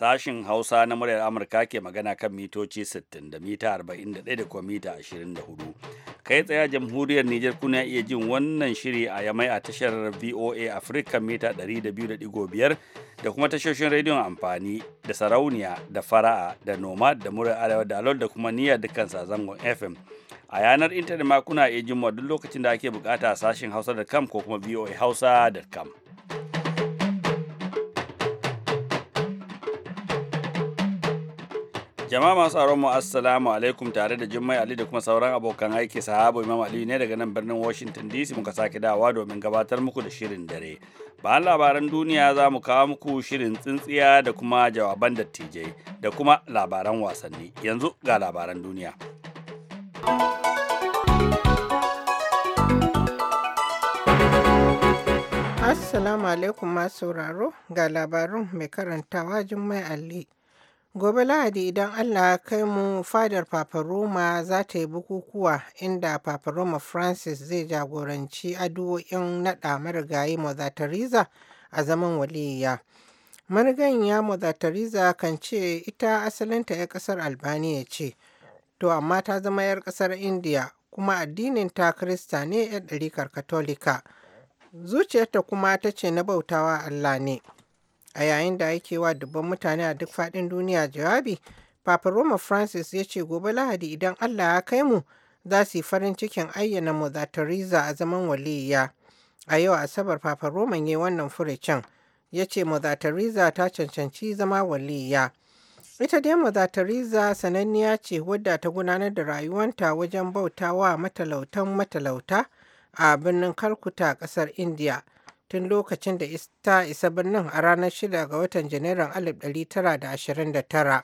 sashin Hausa na muryar Amurka ke magana kan mitoci 60 da mita 41 da kuma mita 24. Kai tsaya jamhuriyar Nijar kuna iya jin wannan shiri a yamai a tashar VOA Africa mita 200.5 da kuma tashoshin rediyon amfani da sarauniya da fara'a da nomad da muryar arewa da da kuma niyyar dukkan zangon FM. A yanar intanet ma kuna iya jin duk lokacin da ake bukata a sashin hausa.com ko kuma voa Hausa.com. Jama'a masu tsaron mu assalamu alaikum tare da Jummai Ali da kuma sauran abokan aiki sahabo Imam Ali ne daga nan birnin Washington DC muka sake dawa domin gabatar muku da shirin dare. ba labaran duniya za mu kawo muku shirin tsintsiya da kuma jawaban dattijai da kuma labaran wasanni. Yanzu ga labaran duniya. Assalamu alaikum masu sauraro ga labarun mai karantawa Jummai Ali. Gobe Lahadi idan Allah ya kai mu fadar Papa Roma za ta yi bukukuwa inda Papa Roma Francis zai jagoranci addu'o'in naɗa marigayi Mother Teresa a zaman waliyya. Marigayiya Mother Teresa kan ce ita asalinta ya ƙasar Albaniya ce, to amma ta zama 'yar ƙasar Indiya kuma addinin ta Kirista ne 'yar ɗarikar Katolika. Zuciyarta kuma ta ce na bautawa Allah ne. a yayin da ake wa dubban mutane a duk faɗin duniya jawabi papa roma francis ya ce gobe lahadi idan allah ya kai mu za su yi farin cikin ayyana mother teresa a zaman waliya a yau asabar papa Roma ya wannan furicin ya ce mother teresa ta cancanci zama waliya ita dai mother teresa sananniya ce wadda ta gudanar da rayuwanta wajen bautawa matalautan matalauta a birnin kalkuta kasar india tun lokacin da ta isa birnin a ranar 6 ga watan janairun 1929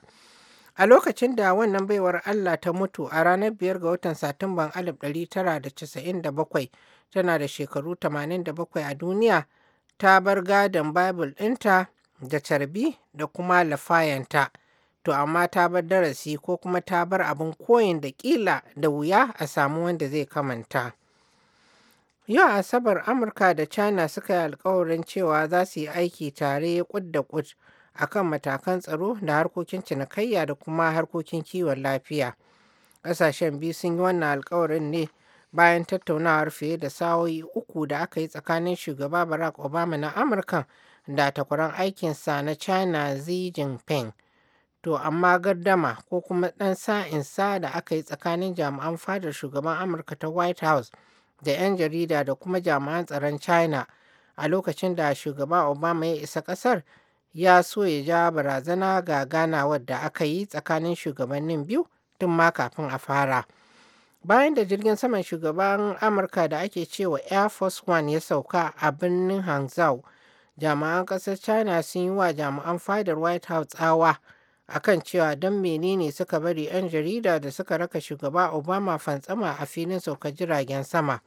a lokacin da wannan baiwar allah ta mutu a ranar 5 ga watan satumban 1997 tana da shekaru 87 a duniya ta bar gadon bible ɗinta da carbi da kuma lafayanta to amma ta bar darasi ko kuma ta bar abin koyin da kila da wuya a samu wanda zai kamanta. Yau Asabar Amurka da China suka yi alkawarin cewa za su yi aiki tare kud da kud a kan matakan tsaro da harkokin cinikayya da kuma harkokin kiwon lafiya. Ƙasashen biyu sun yi wannan alkawarin ne bayan tattaunawar fiye da sa'o'i uku da aka yi tsakanin shugaba Barack Obama na Amurka da takwaran aikinsa na China Xi Jinping. To amma gardama ko kuma ɗan sa'insa da aka yi tsakanin jami'an fadar shugaban Amurka ta White House da 'yan jarida da kuma jami'an tsaron china a lokacin da shugaba obama ya isa kasar ya so ya ja barazana ga ganawar da aka yi tsakanin shugabannin biyu tun ma kafin a fara bayan da jirgin saman shugaban amurka da ake cewa air force one ya sauka a birnin hangzhou jami'an kasar china sun yi wa jami'an fadar white house tsawa akan cewa don menene suka bari 'yan jarida da suka raka shugaba obama fantsama a filin saukar jiragen sama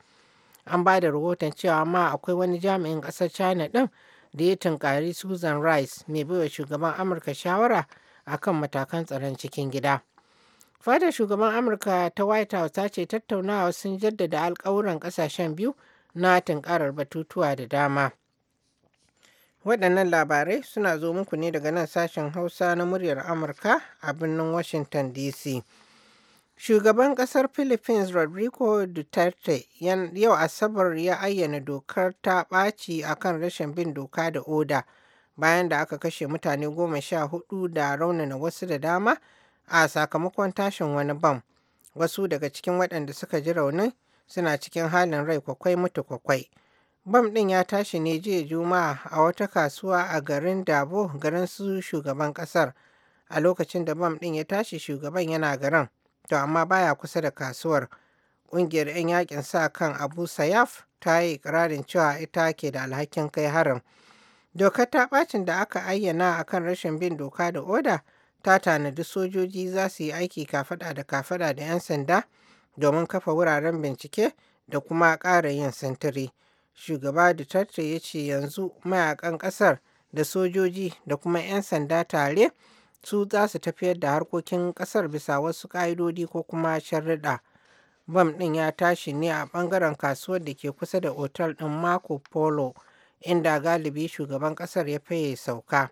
an ba da rahoton cewa ma akwai wani jami'in ƙasar china ɗin da ya tunkari susan rice mai baiwa shugaban amurka shawara akan matakan tsaron cikin gida fadar shugaban amurka ta white house ta ce tattaunawa sun jaddada alkawuran ƙasashen biyu na tunkarar batutuwa da dama Waɗannan labarai suna zo muku ne daga nan sashen Hausa na muryar Amurka a birnin Washington DC. Shugaban ƙasar Philippines Rodrigo Duterte yau Asabar ya ayyana dokar ta ɓaci a kan rashin bin doka da oda bayan da aka kashe mutane goma sha hudu da raunana wasu da dama a sakamakon tashin wani bam. Wasu daga cikin waɗanda suka ji raunin suna cikin halin rai kwakwai mutu kwakwai. bam ɗin ya tashi ne jiya juma'a a wata kasuwa a garin dabo garin su shugaban ƙasar a lokacin da bam ɗin ya tashi shugaban yana garin to amma baya kusa da kasuwar ƙungiyar 'yan yakin sa kan abu sayaf ta yi ikirarin cewa ita ke da alhakin kai harin dokar ta ɓacin da aka ayyana a kan rashin bin doka da oda ta tanadi sojoji za su yi aiki kafada da kafada da 'yan sanda domin kafa wuraren bincike da kuma ƙara yin sintiri. Shugaba Duterte ya ce yanzu mayakan ƙasar da sojoji da kuma 'yan sanda tare su za su tafiyar da harkokin ƙasar bisa wasu ƙa'idodi ko kuma sharriɗa. Bam ɗin ya tashi ne a ɓangaren kasuwar da ke kusa da otal ɗin Marco Polo inda galibi shugaban ƙasar ya faye sauka.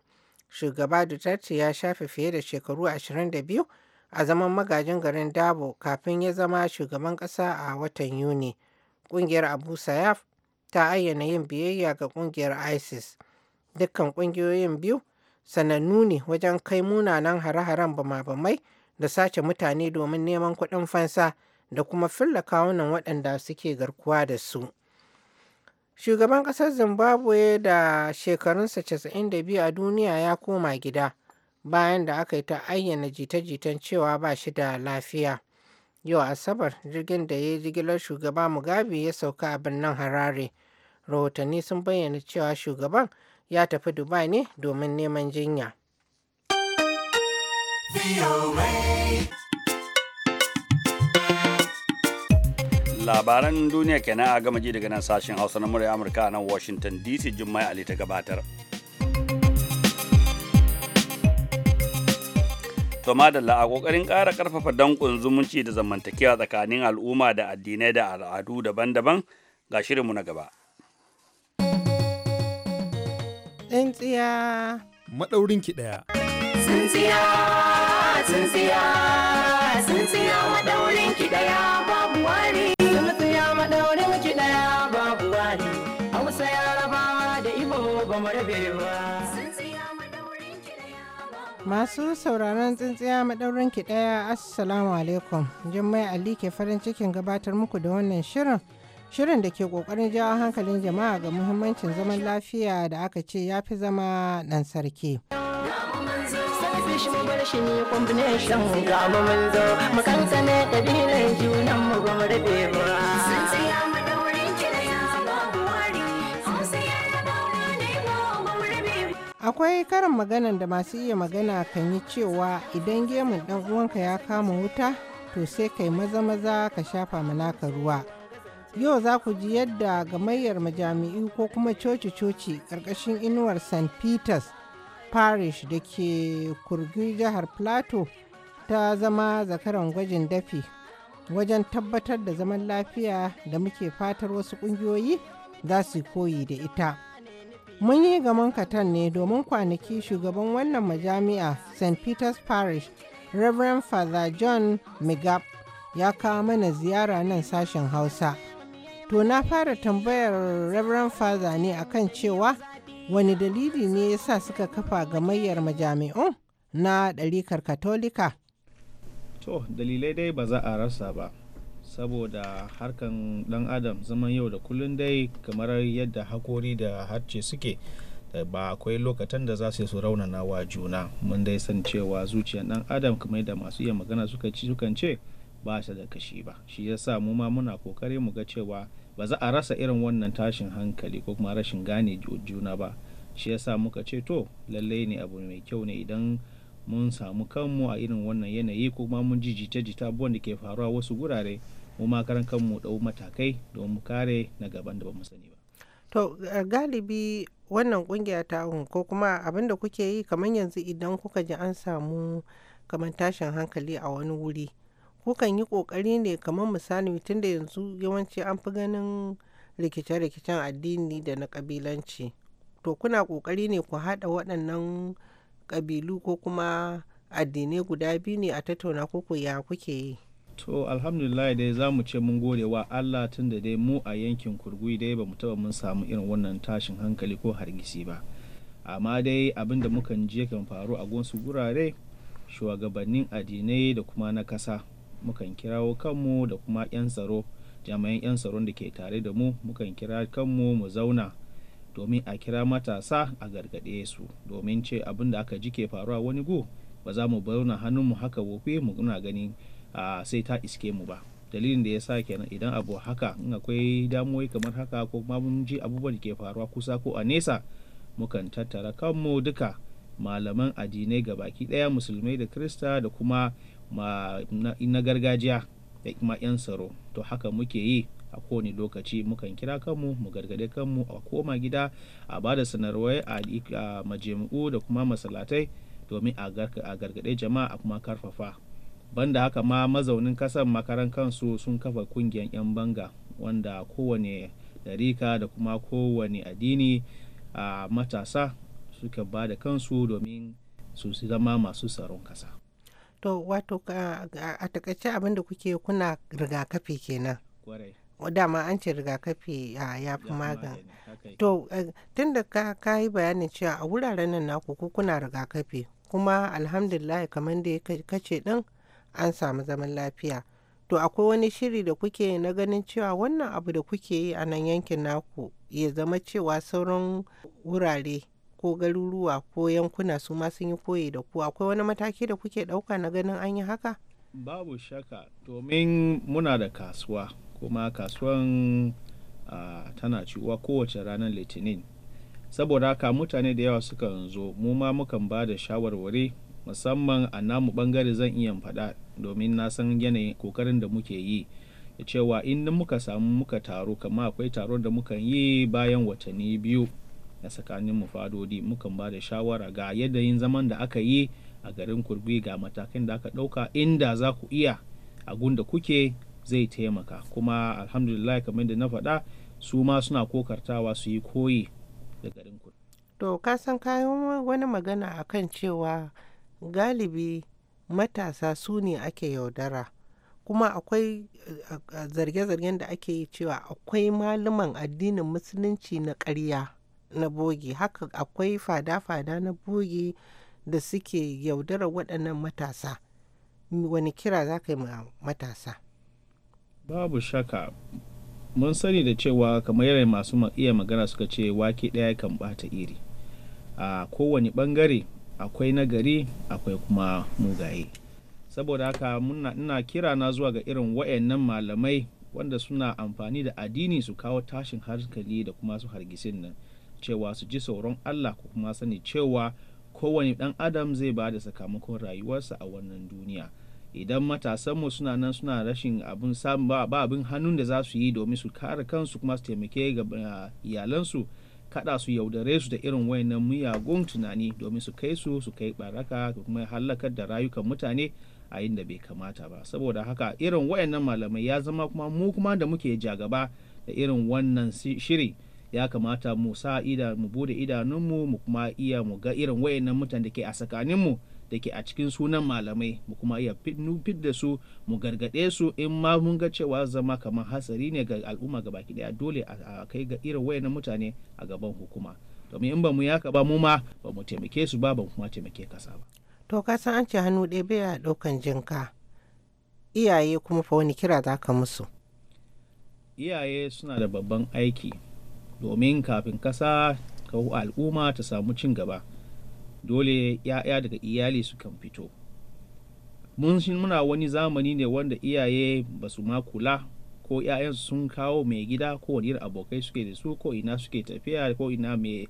Shugaba Duterte ya shafe fiye da shekaru 22 a zaman magajin garin Dabo kafin ya zama shugaban ƙasa a watan Yuni. Ƙungiyar Abu Sayyaf ta ayyana yin biyayya ga ƙungiyar isis dukkan ƙungiyoyin biyu sanannu ne wajen kai munanan hare-haren bama-bamai da sace mutane domin neman kuɗin fansa da kuma filla kawunan waɗanda suke garkuwa da su shugaban ƙasar zimbabwe da shekarunsa 92 a duniya ya koma gida bayan da aka yi ta ayyana jita-jitan cewa ba shi da lafiya Yau Asabar jirgin da ya yi jigilar shugaba Mugabe ya sauka a birnin Harare. Rahotanni sun bayyana cewa shugaban ya tafi Dubai ne domin neman jinya. Labaran duniya kenan a gama ji daga nan sashen Hausa na murya Amurka a nan Washington DC Jummai Ali ta gabatar. To madalla a kokarin ƙara ƙarfafa danƙon zumunci da zamantakewa tsakanin al'umma da addinai da al'adu daban-daban ga shirinmu na gaba. Tsintsiya ki ɗaya. Tsintsiya, tsintsiya, tsintsiya ki ɗaya babu wari. Tsintsiya ki ɗaya babu wari. Hausa Yarabawa da Ibo ba mu rabe ba. Masu sauraron tsintsiya maɗaurin ki ɗaya Assalamu alaikum. Jummai Ali ke farin cikin gabatar muku da wannan shirin. Shirin da ke ƙoƙarin jawo hankalin jama'a ga muhimmancin zaman lafiya da aka ce ya fi zama ɗan sarki. akwai karin magana da masu iya magana kan yi cewa idan gemun dan uwanka ya kama wuta to sai kai maza-maza ka shafa manaka ruwa yau za ku ji yadda gamayyar majami'i ko kuma coci-coci ƙarƙashin inuwar st peters parish da ke kurgi jihar plateau ta zama zakaran gwajin dafi wajen tabbatar da zaman lafiya da muke fatar wasu ƙungiyoyi za su koyi da ita Mun yi gaman katan ne domin kwanaki shugaban wannan majami'a St. Peter's Parish, Reverend Father John Migap ya kawo mana ziyara nan sashen Hausa. To na fara tambayar Reverend Father ne akan cewa wani dalili ne ya sa suka kafa gamayyar majami'un na ɗarikar Katolika. To, dalilai dai ba za a rasa ba. saboda harkan dan adam zaman yau da kullun dai kamar yadda hakori da harce suke eh, ba akwai lokacin da za su su raunana wa juna mun dai san cewa zuciyar dan adam kamar da masu iya magana suka ci sukan ce ba shi da kashi ba shi yasa mu ma muna kokari mu ga cewa ba za a rasa irin wannan tashin hankali ko kuma rashin gane juna ba shi yasa muka ce to lallai ne abu mai kyau ne idan mun samu kanmu a irin wannan yanayi kuma mun ji jita-jita abubuwan da ke faruwa wasu gurare mu ma karan kanmu dau matakai don mu kare na gaban da ba mu sani ba to eh, galibi wannan kungiya ta ko kuma abin da kuke yi kamar yanzu idan kuka ji an samu kamar tashin hankali a wani wuri kukan yi kokari ne kamar misali tun da yanzu yawanci an fi ganin rikice-rikicen addini da na kabilanci to kuna kokari ne ku haɗa waɗannan kabilu ko kuma addinai guda biyu ne a tattauna ko ya kuke yi to alhamdulillah dai za mu ce mun gode wa allah tun da dai mu a yankin kurgui dai ba mu taba mun samu irin wannan tashin hankali ko hargitsi ba amma dai abin da mukan je kan faru a gonsu gurare shugabannin addinai da kuma na kasa mukan kirawo kanmu da kuma 'yan tsaro jami'an 'yan tsaron da ke tare da mu mukan kira kanmu mu zauna domin a kira matasa a gargaɗe su domin ce abin da aka ji ke faruwa wani go ba za mu bauna mu haka wofe mu muna ganin sai ta iske mu ba dalilin da ya sa kenan idan abu haka in akwai damuwai kamar haka ko kuma mun ji abubuwan da ke faruwa kusa ko a nesa mukan tattara kanmu duka malaman addinai ga baki daya musulmai da krista da kuma na gargajiya da kuma 'yan tsaro to haka muke yi a kowane lokaci mukan kira kanmu mu gargade kanmu a koma gida a ba da sanarwai a majami'u da kuma masalatai domin a gargade jama'a a kuma karfafa banda haka ma mazaunin kasar makaran kansu sun kafa kungiyar 'yan banga wanda kowane dariƙa da kuma kowane addini a matasa suka ba da kansu domin su zama masu tsaron kasa to wato a takaice abinda kuke kuna rigakafi kenan dama an ce rigakafi ya fi magan to eh, tun da ka yi bayanin cewa a wuraren nan naku kuna rigakafi kuma alhamdulillah kamar da kace din an samu zaman lafiya to akwai wani shiri da kuke na ganin cewa wannan abu da kuke yi a nan yankin naku ya zama cewa sauran wurare ko garuruwa ko yankuna su ma sun yi koyi da ku akwai wani mataki da kuke ɗauka na ganin an yi haka babu shaka domin muna da kasuwa kuma kasuwan tana ciwa kowace ranar litinin saboda haka mutane da yawa sukan zo mu ma mukan ba da shawarwari musamman a namu bangare zan iya faɗa domin na san yanayin kokarin da muke yi da cewa in muka samu muka taro kama akwai taron da muka yi bayan watanni biyu na tsakanin mu fadodi mukan ba da shawara ga yadda yin zaman da aka yi a garin kurbi ga matakan da aka ɗauka inda za ku iya a gunda kuke zai taimaka kuma alhamdulillah kamar da na faɗa su ma suna kokartawa su yi koyi da garin kurbi to ka san kayan wani magana akan cewa galibi matasa su ne ake yaudara kuma akwai eh, eh, zarge-zargen da ake yi cewa akwai malaman addinin musulunci na ƙarya na bogi haka akwai fada-fada na bogi da suke yaudara waɗannan matasa wani kira za ka yi matasa babu shaka mun sani da cewa kamar yadda masu iya magana suka ce wake ɗaya kan bata iri a kowane ɓangare akwai nagari akwai kuma mugaye saboda haka ina kira na zuwa ga irin wayannan malamai wanda suna amfani da addini su kawo tashin hankali da kuma su hargitsin nan cewa su ji sauron Allah ko kuma sani cewa kowane dan adam zai ba da sakamakon rayuwarsa a wannan duniya idan matasanmu suna nan suna rashin abin samun ba abin hannun da za su yi domin su kare kansu kuma su taimake ga ah, iyalansu kada su yaudare su da irin wayannan miyagun tunani domin su kai su su kai baraka da kuma halakar da rayukan mutane a inda bai kamata ba saboda haka irin wayannan malamai ya zama kuma mu kuma da muke jagaba da irin wannan shiri ya kamata mu sa mu bude idanunmu mu kuma iya mu ga irin wayannan mutane da ke a tsakaninmu da ke a cikin sunan malamai mu kuma iya nufin da su mu gargaɗe su in ma mun ga cewa zama kamar hatsari ne ga al'umma gaba baki ɗaya dole a kai ga irin na mutane a gaban hukuma domin in ba mu yaka ba mu ma ba mu taimake su ba ba mu kuma taimake kasa ba to ka san an ce hannu ɗaya bai a ɗaukan jinka iyaye kuma fa wani kira za ka musu iyaye suna da babban aiki domin kafin kasa ko al'umma ta samu cin gaba dole ‘ya'ya daga iyali su kan fito mun shi muna wani zamani ne wanda iyaye ba su ma kula ko ‘ya'yan sun kawo mai gida ko wani abokai suke da su ko ina suke tafiya ko ina mai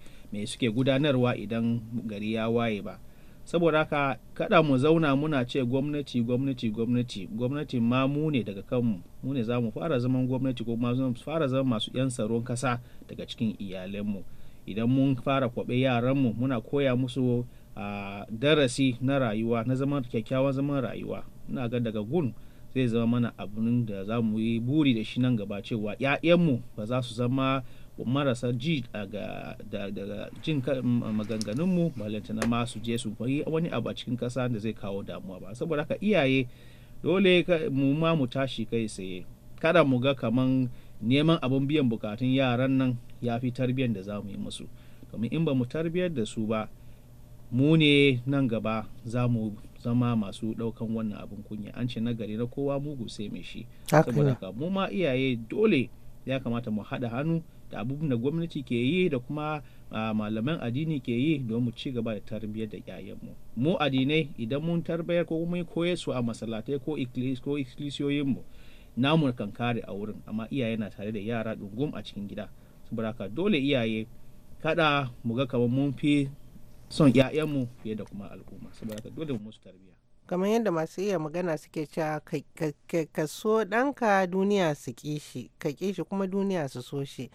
suke gudanarwa idan gari ya waye ba saboda haka kada mu zauna muna ce gwamnati gwamnati gwamnati gwamnati ma mu ne daga kanmu mu ne za mu fara zaman gwamnati ko ma fara zaman masu 'yan tsaron kasa daga cikin iyalanmu idan mun fara kwaɓe yaranmu muna koya musu a darasi na rayuwa na zaman kyakkyawan zaman rayuwa ina ga daga gun zai zama mana abin da za mu yi buri da shi nan gaba cewa ‘ya'yanmu ba za su zama marasa ji daga jin maganganunmu balantana ma su je su yi wani abu a cikin ƙasa da zai kawo damuwa ba saboda haka iyaye dole mu ma mu tashi kai tsaye kada mu ga kaman neman abin biyan bukatun yaran nan ya fi tarbiyyar da za mu yi musu domin in ba mu tarbiyyar da su ba mu ne nan gaba za mu zama masu ɗaukan wannan abin kunya an ce nagari na kowa mugu sai mai shi saboda mu ma iyaye dole ya kamata mu haɗa hannu da abubuwan da gwamnati ke yi da kuma malaman addini ke yi don mu ci gaba da tarbiyyar da yayanmu mu mu addinai idan mun tarbiyyar ko mun koye su a masallatai ko mu namu kan kare a wurin amma iyaye na tare da yara dungum a cikin gida baraka dole iyaye kada mu ga kamar mun fi son 'ya'yanmu fiye da kuma al'umma saboda dole mu musu tarbiyya kamar yadda masu iya magana suke cewa ka so ɗanka duniya su ƙi ka ƙi kuma duniya su so shi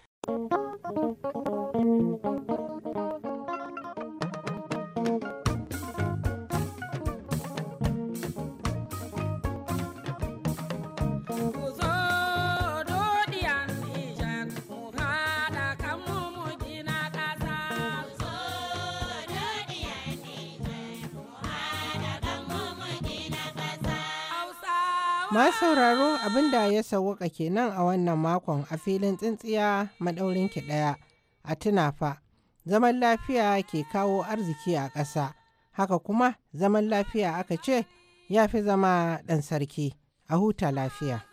Ma sauraro abin da ya sawwaka kenan a wannan makon a filin tsintsiya maɗaurin ki ɗaya a tuna fa zaman lafiya ke kawo arziki a ƙasa haka kuma zaman lafiya aka ce ya fi zama ɗan sarki a huta lafiya.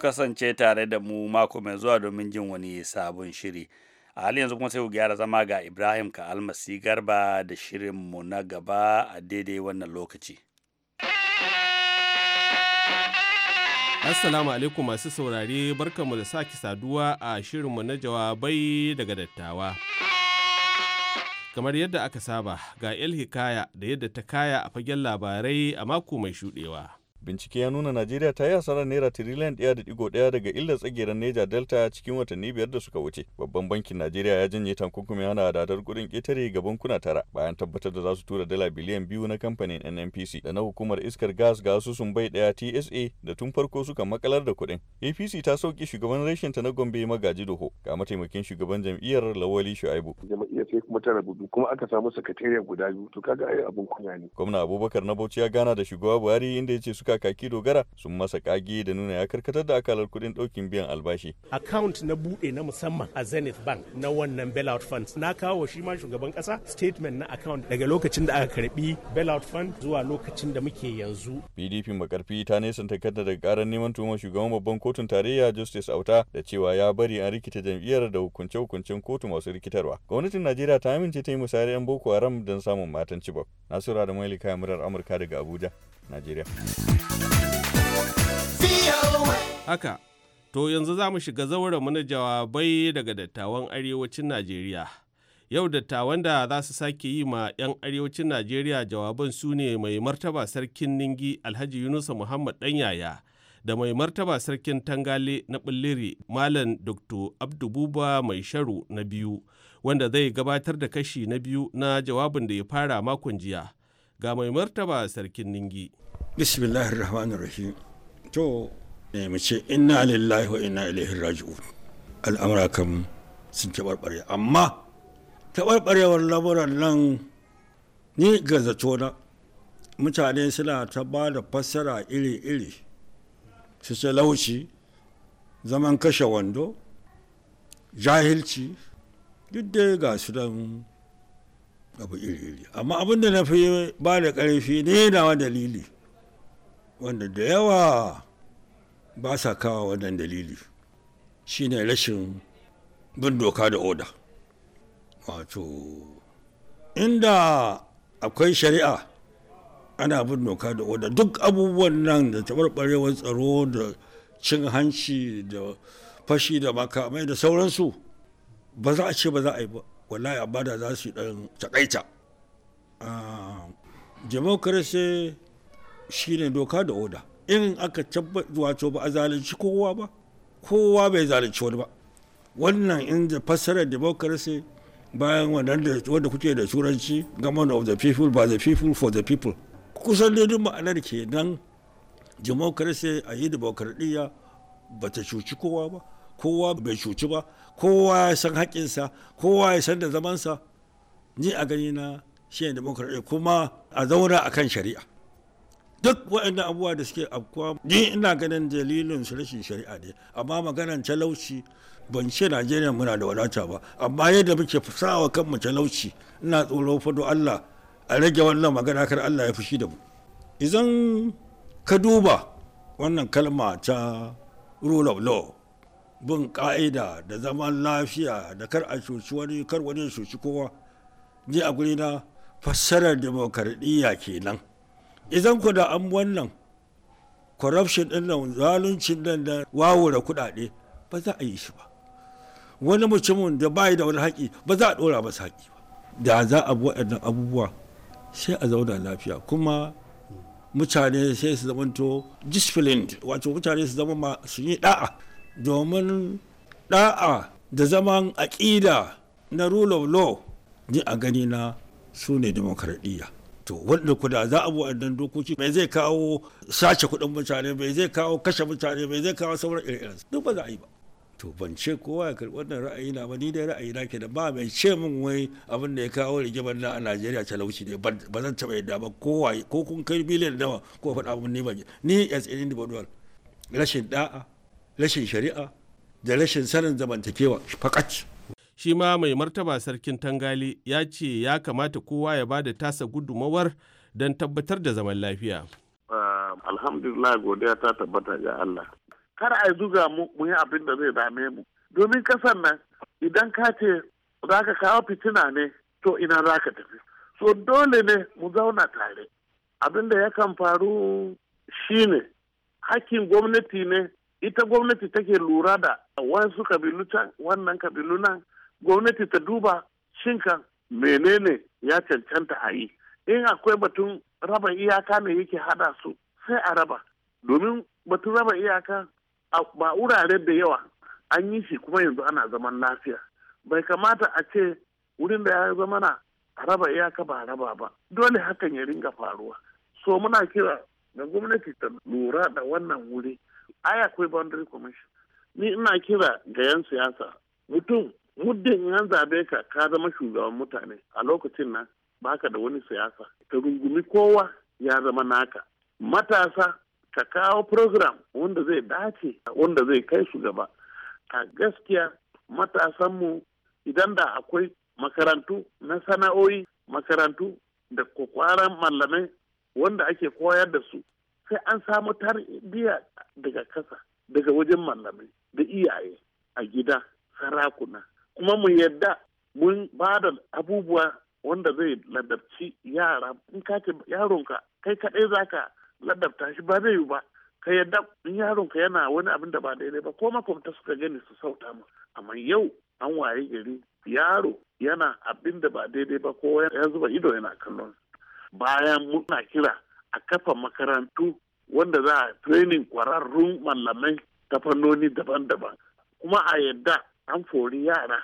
kasance tare da mu mako mai zuwa domin jin wani sabon shiri. A halin yanzu kuma sai ku gyara zama ga Ibrahim ka almasi garba da shirin mu na gaba a daidai wannan lokaci. Assalamu alaikum masu saurare barkanmu da sake saduwa a shirinmu na jawabai daga dattawa. Kamar yadda aka saba ga El Hikaya da yadda ta kaya a fagen labarai a mako mai shuɗewa. Bincike ya nuna Najeriya ta yi hasarar Naira tiriliyan ɗaya da ɗigo ɗaya daga illar tsageren neja Delta cikin watanni biyar da suka wuce. Babban bankin Najeriya ya janye takunkumi yana hadadar kudin ƙetare ga bankuna tara bayan tabbatar da za su tura dala biliyan biyu na kamfanin NNPC da na hukumar iskar gas ga asusun bai daya TSA da tun farko suka makalar da kuɗin. APC ta sauƙi shugaban reshen ta na Gombe Magaji Doho ga mataimakin shugaban jam'iyyar Lawali Shu'aibu. Jam'iyyar sai kuma tana kuma aka samu sakatariya guda biyu to kaga ai abin kunya ne. Gwamna Abubakar na Bauchi ya gana da shugaba Buhari inda ya ce suka kaki dogara sun masa kage da nuna ya karkatar da akalar kuɗin ɗaukin biyan albashi. Account na buɗe na musamman a Zenith Bank na wannan bailout funds na kawo shi ma shugaban ƙasa statement na account daga lokacin da aka karbi bailout fund zuwa lokacin da muke yanzu. PDP makarfi ta nesanta takarda daga karar neman tuhumar shugaban babban kotun tarayya Justice Auta da cewa ya bari an rikita jam'iyyar da hukunce-hukuncen kotu masu rikitarwa. Gwamnatin Najeriya ta amince ta yi musayar 'yan Boko Haram don samun matan Chibok. Nasura da Mailika Murar Amurka daga Abuja, najeriya haka to yanzu za mu shiga zauren na jawabai daga dattawan arewacin najeriya yau dattawan da za su sake yi ma 'yan arewacin najeriya jawaban su ne mai martaba sarkin ningi alhaji yunusa muhammad yaya da mai martaba sarkin tangale na bulliri malam dr abdububa mai sharu na biyu wanda zai gabatar da kashi na biyu na jawabin da ya fara makon jiya ga mai martaba sarkin ningi bismillahir rahmanir rahim to ne mu ce inna lillahi wa inna ilaihi raji'un al'amura kan sun taɓarɓare amma taɓarɓarewar lamuran nan ni ga zato na mutane suna ta ba da fassara iri-iri su ce lauci zaman kashe wando jahilci duk dai ga su don abu iri-iri amma abin da na fi ba da ƙarfi ne wa dalili wanda da yawa ba sa kawo wannan dalili shine rashin bin doka da oda wato inda akwai shari'a ana bin doka da oda duk abubuwan nan da taɓarɓarewar tsaro da cin hanci da fashi da makamai da sauransu ba za a ce ba za a yi ba wallahi abada za su dan takaita ah, democracy shine doka da oda in aka tabbata wato ba a zalunci kowa ba kowa bai zalunci wani ba wannan in da fassarar democracy bayan wanda kuke da turanci government of the people by the people for the people kusan da duk ma'anar ke nan democracy a yi demokradiyya ba ta cuci kowa ba kowa bai cuci ba kowa ya san haƙƙinsa kowa ya san da zamansa ni a gani na shi ne demokradiyya kuma a zauna a kan shari'a duk waɗannan abubuwa da suke abuwa ni ina ganin dalilin su rashin shari'a ne amma maganan talauci ban ce najeriya muna da wadata ba amma yadda muke sawa kanmu talauci ina tsoro fado allah a rage wannan magana kar allah ya fushi da mu idan ka duba wannan kalma ta rule of law bin ƙa'ida da zaman lafiya da kar a cuci wani kar wani cuci kowa ni a guri na fassarar demokaradiyya kenan idan ku da an wannan corruption din nan zaluncin nan da wawura kuɗaɗe ba za a yi shi ba wani mutumin da bai da wani haƙi ba za a ɗora masa haƙi ba da za a bi waɗannan abubuwa sai a zauna lafiya kuma mutane sai su zamanto disciplined wato mutane su zama su yi da'a domin ɗa'a da zaman aƙida na rule of law ni a gani na su ne demokradiyya to wanda kuda za a bu annan dokoki mai zai kawo sace kuɗin mutane mai zai kawo kashe mutane mai zai kawo sauran irin duk ba za a yi ba to ban ce kowa ya karɓi wannan ra'ayi na ba ni dai ra'ayi na da. ba mai ce min wai abin da ya kawo rigimar na a Najeriya talauci ne ba zan taɓa yadda ba kowa ko kun kai biliyan nawa ko faɗa mun ni ba ni as an individual rashin da'a rashin shari'a da rashin sanin zamantakewa fakat shi ma mai martaba sarkin tangali ya ce ya kamata kowa ya bada tasa gudumawar don tabbatar da zaman lafiya ah, alhamdulillah godiya ta tabbata ga Allah kar a zuga mu mu yi abin da zai dame mu domin kasan nan idan ka ce za ka kawo fitina ne to ina za ka tafi so dole ne mu zauna tare abin da kan faru shine hakkin gwamnati ne ita gwamnati take lura da wasu kabilu can wannan kabilu nan gwamnati ta duba shinkan menene ya cancanta a yi in akwai batun raba iyaka ne yake hada su sai a raba domin batun raba iyaka ba wurare da yawa an yi shi kuma yanzu ana zaman lafiya bai kamata a ce wurin da ya zama na raba iyaka ba raba ba dole hakan ya ringa faruwa so muna kira da gwamnati ta lura da wannan wuri ai akwai boundary commission ni ina kira ga yan siyasa mutum muddin an zabe ka ka zama shugaban mutane a lokacin nan baka da wani siyasa ka rungumi kowa ya zama naka matasa ka kawo program wanda zai dace wanda zai kai su gaba a gaskiya matasanmu idan da akwai makarantu na sana'o'i makarantu da kwakwaran mallamai wanda ake koyar da su sai an samu tarbiyya daga kasa daga wajen malamai da iyaye a gida sarakuna kuma mu yadda mun ba da abubuwa wanda zai ladabci yara in ka ce yaronka kai kaɗai ka ladabta shi ba zai yi ba ka yadda in yaronka yana wani abin da ba daidai ba ko makwabta suka gani su sauta mu amma yau an waye gari yaro yana abin da ba daidai ba ko ya zuba ido yana kallon bayan muna kira kafa makarantu wanda za a training kwararrun mallamai ta fannoni daban-daban kuma a yadda an fori yara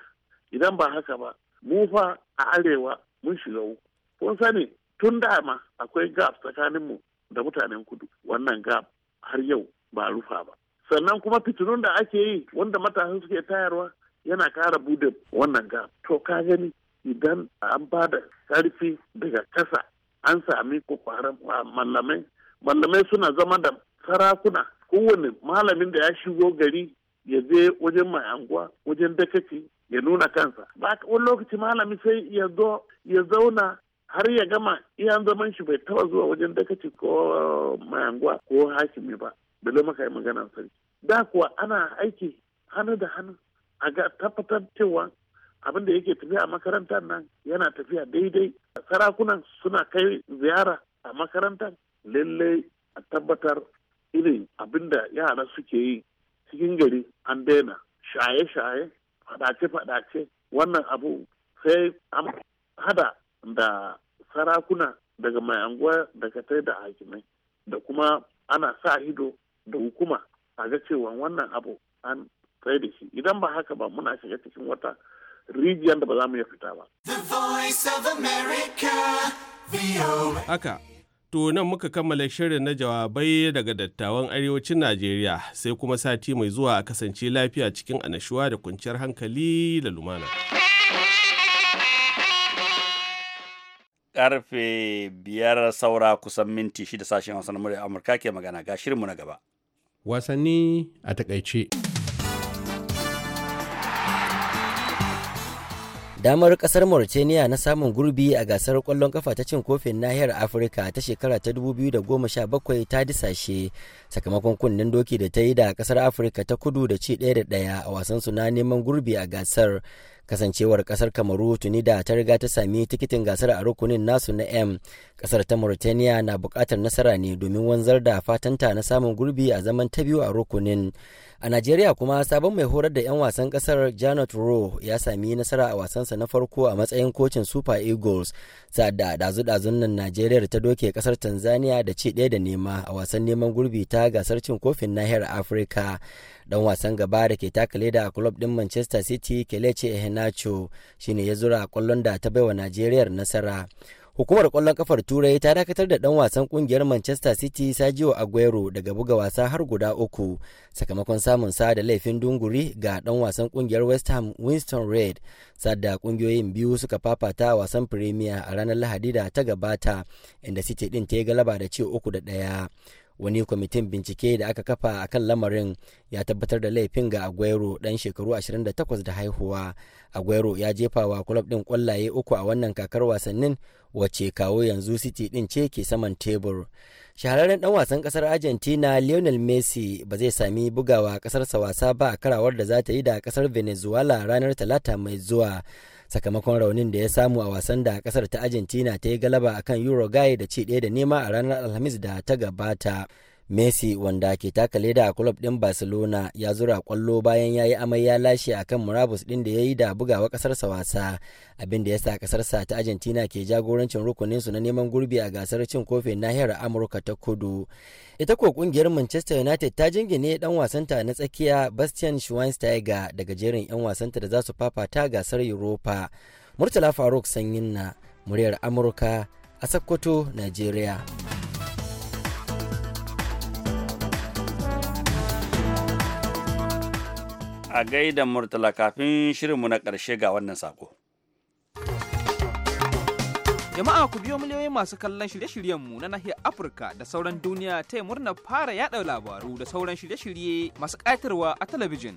idan ba haka ba mu fa a arewa mun shiga uku kun sani tun dama akwai gap tsakaninmu da mutanen kudu wannan gap har yau ba rufa ba sannan kuma fitinun da ake yi wanda matasa suke tayarwa yana kara bude wannan gap to ka gani idan an ba da karfi daga ƙasa. an sami kwakwaran ah, mallamai mallamai suna zama da sarakuna kowane malamin da ya shigo gari ya je wajen mai anguwa wajen dakaci ya nuna kansa ba wani lokaci malami sai ya zo ya zauna har ya gama iya zaman shi bai taba zuwa wajen dakaci ko mai anguwa ko hakimi ba bale maka yi magana sarki da kuwa ana aiki hannu da hannu a ga tabbatar cewa abin da yake tafiya a makarantar nan yana tafiya daidai sarakunan suna kai ziyara a makarantar lallai a tabbatar irin abin da yara suke yi cikin gari an daina shaye-shaye fadace-fadace wannan abu sai an hada da sarakuna daga mai anguwa daga tai da hakimai da kuma ana sa ido da hukuma a ga cewa wannan abu an tsaye da shi idan ba haka ba muna shiga cikin wata rijiyar da ba za mu iya fita ba. Haka, to nan muka kammala shirin na jawabai daga dattawan arewacin Najeriya sai kuma sati mai zuwa a kasance lafiya cikin anashuwa da kwanciyar hankali da lumana. Karfe biyar saura kusan minti shida sashen wasan murya Amurka ke magana ga shirinmu na gaba. Wasanni a takaice. damar kasar mauritania na samun gurbi a gasar kwallon kafa ta cin kofin nahiyar afirka ta shekara ta 2017 ta disashe sakamakon kunnen doki da ta yi da kasar afirka ta kudu da ci daya da ɗaya a wasan su na neman gurbi a gasar kasancewar kasar kamaru tuni da ta riga ta sami tikitin gasar a rukunin nasu na m kasar ta mauritania na bukatar nasara ne domin wanzar da fatanta na samun gurbi a zaman ta biyu a rukunin a najeriya kuma sabon mai horar da 'yan wasan kasar janet rowe ya sami nasara a wasansa na farko a matsayin kocin super eagles sa'adda dazu-dazun nan najeriya ta doke kasar tanzania da ci daya da nema a wasan neman gurbi ta gasar cin kofin nahiyar afirka dan wasan gaba da ke taka leda a club din manchester city kelechi iheanacho shine ya zura a kwallon da ta baiwa najeriyar nasara hukumar kwallon kafar turai ta dakatar da dan wasan kungiyar manchester city Sergio aguero daga buga wasa har guda uku sakamakon samun sa da laifin dunguri ga dan wasan kungiyar west ham winston red sadda kungiyoyin biyu suka fafata wasan premier a ranar lahadi da ta gabata inda city din ta yi galaba da ci uku da daya wani kwamitin bincike da aka kafa a kan lamarin ya tabbatar da laifin ga aguero dan shekaru 28 da haihuwa aguero ya jefa wa kulob din kwallaye uku a wannan kakar wasannin wace kawo yanzu city din ce ke saman tebur shahararren dan wasan kasar argentina lionel messi ba zai sami bugawa kasarsa wasa ba a karawar da za ta yi da kasar venezuela ranar talata mai zuwa sakamakon raunin da ya samu a wasan da kasar ta argentina ta yi galaba akan uruguay da ci ɗaya da nema a ranar alhamis da ta gabata Messi wanda ke taka leda a kulob ɗin Barcelona ya zura kwallo bayan ya yi amai ya lashe a kan murabus ɗin da ya yi da bugawa ƙasarsa wasa abin da ya sa ƙasarsa ta Argentina ke jagorancin rukuninsu na neman gurbi a gasar cin kofin nahiyar Amurka ta kudu. Ita ko ƙungiyar Manchester United ta jingine ɗan wasanta na tsakiya Bastian Schweinsteiger daga jerin 'yan wasanta da za su fafata gasar Europa. Murtala Faruk Sanyin na muryar Amurka a Sokoto, Najeriya. a gaida murtala kafin shirinmu na ƙarshe ga wannan sako. Jama'a ku biyo miliyoyin masu kallon shirye-shiryenmu na nahiyar Afirka da sauran duniya ta yi murna fara yaɗa labaru da sauran shirye-shirye masu ƙayatarwa a talabijin.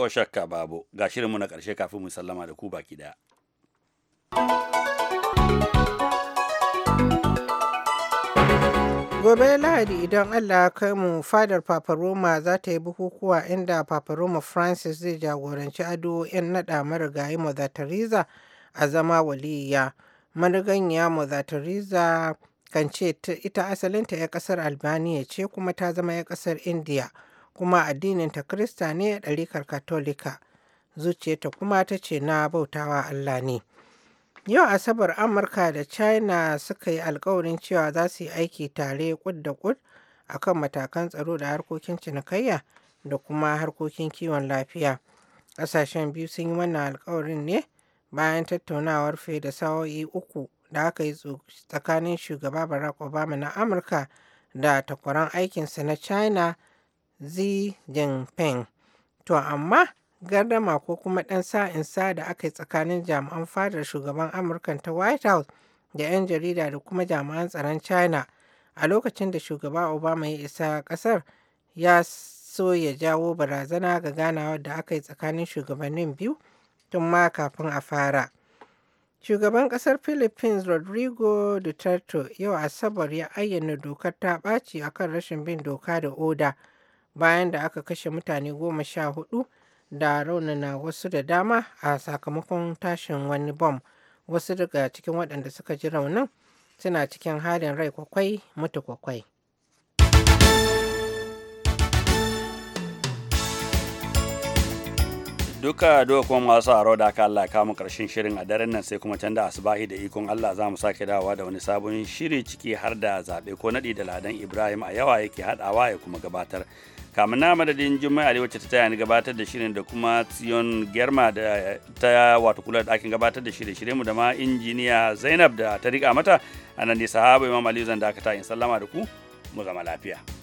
Ko shakka babu ga shirinmu na ƙarshe kafin mu sallama da ku baki ɗaya. Gobe Lahadi idan Allah kai mu fadar Papa Roma za ta yi bukukuwa inda Papa Roma Francis zai jagoranci ado addu'o'in naɗa marigayi Mother Teresa a zama waliya. Mariganiya Mother Teresa kan ce ita asalinta 'ya ƙasar Albania ce kuma ta zama 'ya ƙasar India. kuma addininta Kirista ne a ɗarikar Katolika. Zuciyarta kuma ta ce na bautawa Allah ne. Yau Asabar Amurka da China suka yi alkawarin cewa za su yi aiki tare kud da kud a kan matakan tsaro da harkokin cinikayya da kuma harkokin kiwon lafiya. Ƙasashen biyu sun yi wannan alkawarin ne bayan tattaunawar fiye da sa'o'i uku da aka yi tsakanin shugaba Barack Obama na Amurka da takwaran aikinsa na China Xi Jinping. To amma gardama ko kuma ɗan sa'insa da aka yi tsakanin jami'an fadar shugaban Amurka ta White House da 'yan jarida da kuma jami'an tsaron China a lokacin da shugaba Obama ya isa ƙasar ya so ya jawo barazana ga ganawar da aka yi tsakanin shugabannin biyu tun ma kafin a fara. Shugaban ƙasar Philippines Rodrigo Duterte yau Asabar ya ayyana dokar ta ɓaci akan rashin bin doka da oda bayan da aka kashe mutane goma sha hudu da raunana wasu da dama a sakamakon tashin wani bom wasu daga cikin waɗanda suka ji raunin suna cikin halin rai kwakwai mutu kwakwai duka duka kuma masu aro da aka Allah kamu karshen shirin a daren nan sai kuma can da asubahi da ikon Allah za mu sake dawowa da wani sabon shiri ciki har da zaɓe ko naɗi da ladan Ibrahim a yawa yake haɗawa ya kuma gabatar kamar na madadin juma'a wacce ta taya ni gabatar da shirin da kuma tsion germa da ta wato kula da ɗakin gabatar da shirye shirye mu da ma injiniya zainab da ta rika mata a nan ne sahaba imam aliyu zan dakata in sallama da ku mu zama lafiya